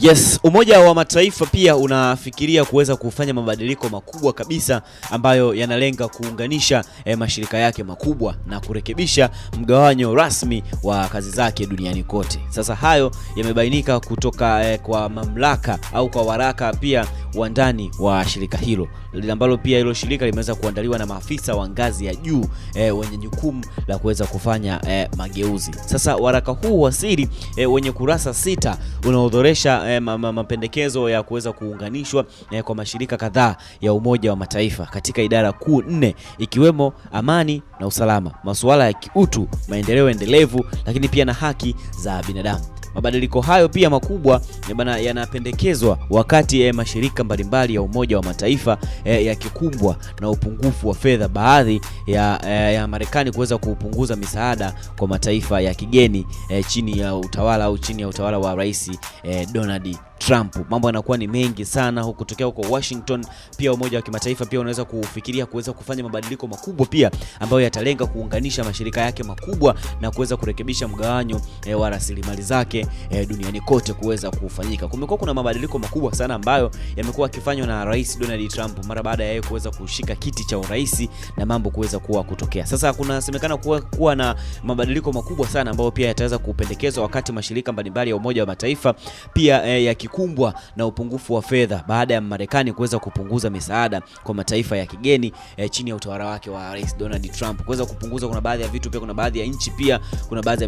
Yes, Umoja wa Mataifa pia unafikiria kuweza kufanya mabadiliko makubwa kabisa ambayo yanalenga kuunganisha eh, mashirika yake makubwa na kurekebisha mgawanyo rasmi wa kazi zake duniani kote. Sasa hayo yamebainika kutoka eh, kwa mamlaka au kwa waraka pia wa ndani wa shirika hilo, ambalo pia hilo shirika limeweza kuandaliwa na maafisa wa ngazi ya juu e, wenye jukumu la kuweza kufanya e, mageuzi. Sasa waraka huu wa siri e, wenye kurasa sita unaodhoresha e, mapendekezo ya kuweza kuunganishwa e, kwa mashirika kadhaa ya Umoja wa Mataifa katika idara kuu nne ikiwemo amani na usalama, masuala ya kiutu, maendeleo endelevu, lakini pia na haki za binadamu. Mabadiliko hayo pia makubwa yanapendekezwa wakati eh, mashirika mbalimbali ya Umoja wa Mataifa eh, yakikumbwa na upungufu wa fedha, baadhi ya, eh, ya Marekani kuweza kupunguza misaada kwa mataifa ya kigeni eh, chini ya utawala au chini ya utawala wa Rais eh, Donald Trump. Mambo yanakuwa ni mengi sana huku kutokea huko Washington. Pia Umoja wa Kimataifa pia unaweza kufikiria kuweza kufanya mabadiliko makubwa pia ambayo yatalenga kuunganisha mashirika yake makubwa na kuweza kurekebisha mgawanyo e, wa rasilimali zake e, duniani kote kuweza kufanyika. Kumekuwa kuna mabadiliko makubwa sana ambayo yamekuwa yakifanywa na Rais Donald Trump mara baada ya yeye kuweza kushika kiti cha urais na mambo kuweza kuwa kutokea. Sasa kunasemekana kuwa, kuwa na mabadiliko makubwa sana ambayo pia yataweza kupendekezwa wakati mashirika mbalimbali ya Umoja wa Mataifa pia e, yaki ikikumbwa na upungufu wa fedha baada ya Marekani kuweza kupunguza misaada kwa mataifa ya kigeni eh, chini ya utawala wake wa Rais Donald Trump kuweza kupunguza. Kuna baadhi ya vitu pia, kuna baadhi ya nchi pia, kuna baadhi ya